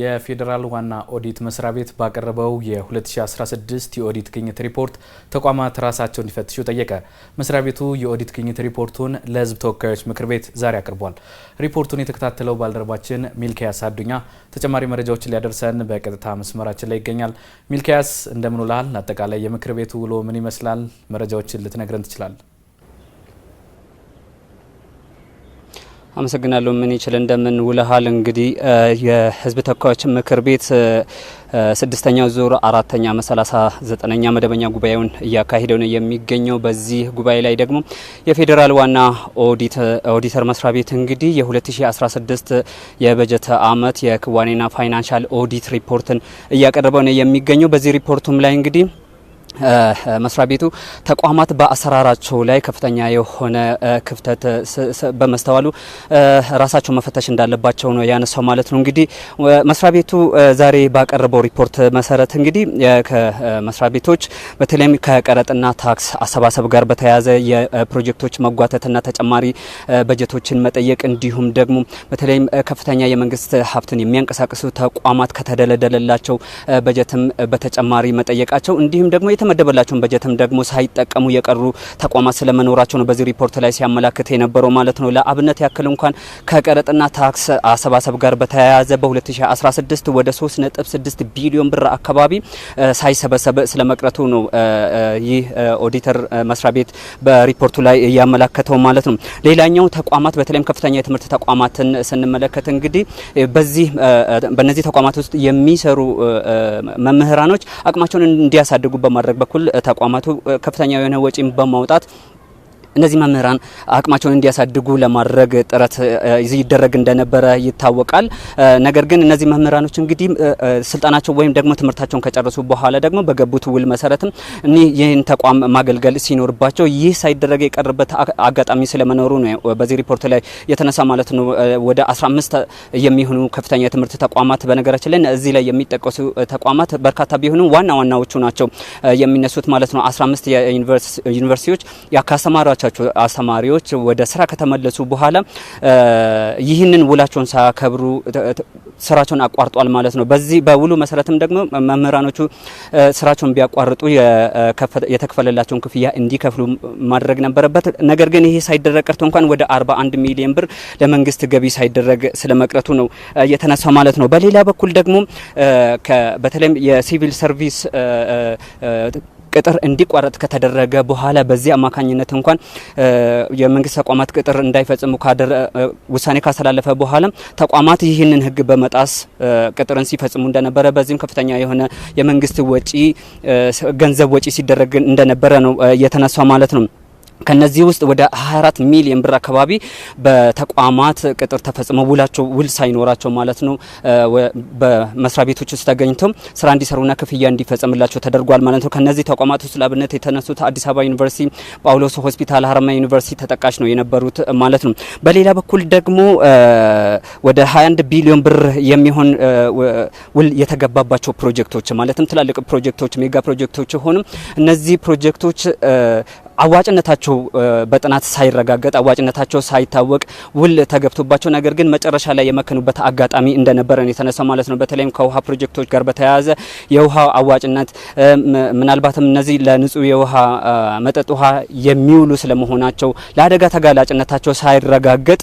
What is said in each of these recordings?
የፌዴራል ዋና ኦዲት መስሪያ ቤት ባቀረበው የ2016 የኦዲት ግኝት ሪፖርት ተቋማት ራሳቸው እንዲፈትሹ ጠየቀ። መስሪያ ቤቱ የኦዲት ግኝት ሪፖርቱን ለሕዝብ ተወካዮች ምክር ቤት ዛሬ አቅርቧል። ሪፖርቱን የተከታተለው ባልደረባችን ሚልኪያስ አዱኛ ተጨማሪ መረጃዎችን ሊያደርሰን በቀጥታ መስመራችን ላይ ይገኛል። ሚልኪያስ እንደምን ውለሃል? አጠቃላይ የምክር ቤቱ ውሎ ምን ይመስላል? መረጃዎችን ልትነግረን ትችላል? አመሰግናለሁ። ምን ይችል እንደምን ውለሃል። እንግዲህ የህዝብ ተወካዮች ምክር ቤት ስድስተኛው ዙር አራተኛ ዓመት ሰላሳ ዘጠነኛ መደበኛ ጉባኤውን እያካሄደው ነው የሚገኘው። በዚህ ጉባኤ ላይ ደግሞ የፌዴራል ዋና ኦዲተር መስሪያ ቤት እንግዲህ የ2016 የበጀት ዓመት የክዋኔና ፋይናንሻል ኦዲት ሪፖርትን እያቀረበው ነው የሚገኘው። በዚህ ሪፖርቱም ላይ እንግዲህ መስሪያ ቤቱ ተቋማት በአሰራራቸው ላይ ከፍተኛ የሆነ ክፍተት በመስተዋሉ ራሳቸው መፈተሽ እንዳለባቸው ነው ያነሳው ማለት ነው። እንግዲህ መስሪያ ቤቱ ዛሬ ባቀረበው ሪፖርት መሰረት እንግዲህ ከመስሪያ ቤቶች በተለይም ከቀረጥና ታክስ አሰባሰብ ጋር በተያያዘ የፕሮጀክቶች መጓተትና ተጨማሪ በጀቶችን መጠየቅ እንዲሁም ደግሞ በተለይም ከፍተኛ የመንግስት ሀብትን የሚያንቀሳቅሱ ተቋማት ከተደለደለላቸው በጀትም በተጨማሪ መጠየቃቸው እንዲሁም ደግሞ የተመደበላቸውን በጀትም ደግሞ ሳይጠቀሙ የቀሩ ተቋማት ስለመኖራቸው ነው በዚህ ሪፖርት ላይ ሲያመላክት የነበረው ማለት ነው። ለአብነት ያክል እንኳን ከቀረጥና ታክስ አሰባሰብ ጋር በተያያዘ በ2016 ወደ 3.6 ቢሊዮን ብር አካባቢ ሳይሰበሰብ ስለመቅረቱ ነው ይህ ኦዲተር መስሪያ ቤት በሪፖርቱ ላይ እያመላከተው ማለት ነው። ሌላኛው ተቋማት በተለይም ከፍተኛ የትምህርት ተቋማትን ስንመለከት እንግዲህ በዚህ በነዚህ ተቋማት ውስጥ የሚሰሩ መምህራኖች አቅማቸውን እንዲያሳድጉ በማ በማድረግ በኩል ተቋማቱ ከፍተኛ የሆነ ወጪን በማውጣት እነዚህ መምህራን አቅማቸውን እንዲያሳድጉ ለማድረግ ጥረት ይደረግ እንደነበረ ይታወቃል። ነገር ግን እነዚህ መምህራኖች እንግዲህ ስልጠናቸው ወይም ደግሞ ትምህርታቸውን ከጨረሱ በኋላ ደግሞ በገቡት ውል መሰረትም እኒህ ይህን ተቋም ማገልገል ሲኖርባቸው ይህ ሳይደረግ የቀረበት አጋጣሚ ስለመኖሩ ነው በዚህ ሪፖርት ላይ የተነሳ ማለት ነው። ወደ 15 የሚሆኑ ከፍተኛ የትምህርት ተቋማት በነገራችን ላይ እዚህ ላይ የሚጠቀሱ ተቋማት በርካታ ቢሆኑም ዋና ዋናዎቹ ናቸው የሚነሱት ማለት ነው። 15 ዩኒቨርሲቲዎች ያካሰማራቸው አብዛኞቻቸው አስተማሪዎች ወደ ስራ ከተመለሱ በኋላ ይህንን ውላቸውን ሳያከብሩ ስራቸውን አቋርጧል ማለት ነው። በዚህ በውሉ መሰረትም ደግሞ መምህራኖቹ ስራቸውን ቢያቋርጡ የተከፈለላቸውን ክፍያ እንዲከፍሉ ማድረግ ነበረበት። ነገር ግን ይሄ ሳይደረግ ቀርቶ እንኳን ወደ 41 ሚሊዮን ብር ለመንግስት ገቢ ሳይደረግ ስለመቅረቱ ነው የተነሳው ማለት ነው። በሌላ በኩል ደግሞ በተለይም የሲቪል ሰርቪስ ቅጥር እንዲቋረጥ ከተደረገ በኋላ በዚህ አማካኝነት እንኳን የመንግስት ተቋማት ቅጥር እንዳይፈጽሙ ውሳኔ ካስተላለፈ በኋላ ተቋማት ይህንን ህግ በመጣስ ቅጥርን ሲፈጽሙ እንደነበረ በዚህም ከፍተኛ የሆነ የመንግስት ወጪ ገንዘብ ወጪ ሲደረግ እንደነበረ ነው የተነሳ ማለት ነው። ከነዚህ ውስጥ ወደ 24 ሚሊዮን ብር አካባቢ በተቋማት ቅጥር ተፈጽመው ውላቸው ውል ሳይኖራቸው ማለት ነው በመስሪያ ቤቶች ውስጥ ተገኝተው ስራ እንዲሰሩና ክፍያ እንዲፈጸምላቸው ተደርጓል ማለት ነው። ከነዚህ ተቋማት ውስጥ ለአብነት የተነሱት አዲስ አበባ ዩኒቨርሲቲ፣ ጳውሎስ ሆስፒታል፣ ሀረማያ ዩኒቨርሲቲ ተጠቃሽ ነው የነበሩት ማለት ነው። በሌላ በኩል ደግሞ ወደ 21 ቢሊዮን ብር የሚሆን ውል የተገባባቸው ፕሮጀክቶች ማለትም ትላልቅ ፕሮጀክቶች፣ ሜጋ ፕሮጀክቶች ሆንም እነዚህ ፕሮጀክቶች አዋጭነታቸው በጥናት ሳይረጋገጥ አዋጭነታቸው ሳይታወቅ ውል ተገብቶባቸው ነገር ግን መጨረሻ ላይ የመከኑበት አጋጣሚ እንደነበረ ነው የተነሳው ማለት ነው። በተለይም ከውሃ ፕሮጀክቶች ጋር በተያያዘ የውሃ አዋጭነት ምናልባትም እነዚህ ለንጹህ የውሃ መጠጥ ውሃ የሚውሉ ስለመሆናቸው ለአደጋ ተጋላጭነታቸው ሳይረጋገጥ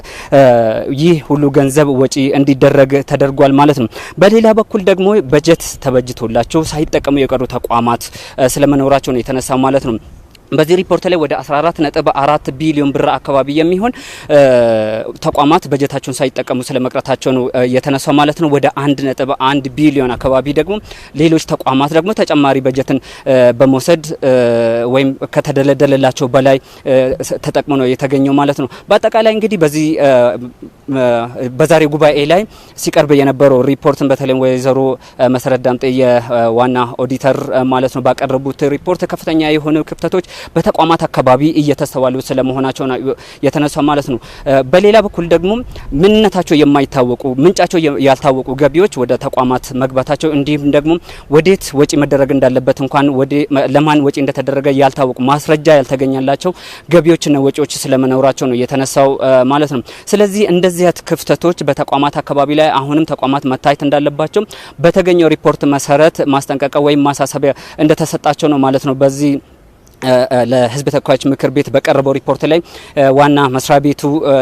ይህ ሁሉ ገንዘብ ወጪ እንዲደረግ ተደርጓል ማለት ነው። በሌላ በኩል ደግሞ በጀት ተበጅቶላቸው ሳይጠቀሙ የቀሩ ተቋማት ስለመኖራቸው ነው የተነሳው ማለት ነው። በዚህ ሪፖርት ላይ ወደ 14.4 ቢሊዮን ብር አካባቢ የሚሆን ተቋማት በጀታቸውን ሳይጠቀሙ ስለመቅረታቸው ነው የተነሳው ማለት ነው። ወደ 1.1 ቢሊዮን አካባቢ ደግሞ ሌሎች ተቋማት ደግሞ ተጨማሪ በጀትን በመውሰድ ወይም ከተደለደለላቸው በላይ ተጠቅሞ ነው የተገኘው ማለት ነው። በአጠቃላይ እንግዲህ በዚህ በዛሬው ጉባኤ ላይ ሲቀርብ የነበረው ሪፖርትን በተለይም ወይዘሮ መሰረት ዳምጤ የዋና ኦዲተር ማለት ነው ባቀረቡት ሪፖርት ከፍተኛ የሆኑ ክፍተቶች በተቋማት አካባቢ እየተስተዋሉ ስለመሆናቸው የተነሳ ማለት ነው። በሌላ በኩል ደግሞ ምንነታቸው የማይታወቁ ምንጫቸው ያልታወቁ ገቢዎች ወደ ተቋማት መግባታቸው እንዲሁም ደግሞ ወዴት ወጪ መደረግ እንዳለበት እንኳን ለማን ወጪ እንደተደረገ ያልታወቁ ማስረጃ ያልተገኘላቸው ገቢዎችና ወጪዎች ስለመኖራቸው ነው የተነሳው ማለት ነው። ስለዚህ እንደዚህ ክፍተቶች በተቋማት አካባቢ ላይ አሁንም ተቋማት መታየት እንዳለባቸው በተገኘው ሪፖርት መሰረት ማስጠንቀቂያ ወይም ማሳሰቢያ እንደተሰጣቸው ነው ማለት ነው በዚህ ለህዝብ ተወካዮች ምክር ቤት በቀረበው ሪፖርት ላይ ዋና መስሪያ ቤቱ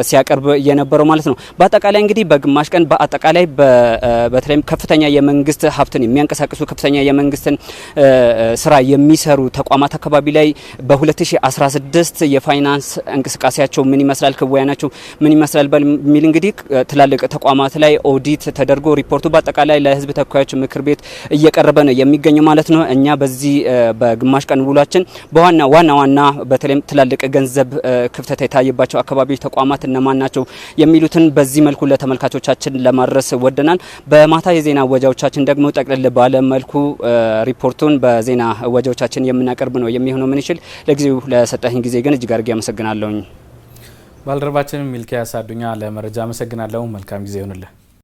ሲያቀርብ የነበረው ማለት ነው። በአጠቃላይ እንግዲህ በግማሽ ቀን በአጠቃላይ በተለይም ከፍተኛ የመንግስት ሀብትን የሚያንቀሳቅሱ ከፍተኛ የመንግስትን ስራ የሚሰሩ ተቋማት አካባቢ ላይ በ2016 የፋይናንስ እንቅስቃሴያቸው ምን ይመስላል፣ ክወያናቸው ምን ይመስላል በሚል እንግዲህ ትላልቅ ተቋማት ላይ ኦዲት ተደርጎ ሪፖርቱ በአጠቃላይ ለህዝብ ተወካዮች ምክር ቤት እየቀረበ ነው የሚገኘው ማለት ነው። እኛ በዚህ በግማሽ ቀን ውሏችን ዋና ዋና ዋና በተለይም ትላልቅ ገንዘብ ክፍተት የታየባቸው አካባቢዎች ተቋማት እነማን ናቸው የሚሉትን በዚህ መልኩ ለተመልካቾቻችን ለማድረስ ወደናል። በማታ የዜና ወጃዎቻችን ደግሞ ጠቅልል ባለ መልኩ ሪፖርቱን በዜና ወጃዎቻችን የምናቀርብ ነው የሚሆነው። ይችል ለጊዜው ለሰጠኝ ጊዜ ግን እጅግ አድርጌ አመሰግናለሁኝ። ባልደረባችንም ሚልኪያስ አዱኛ ለመረጃ አመሰግናለሁ። መልካም ጊዜ ይሆንልን።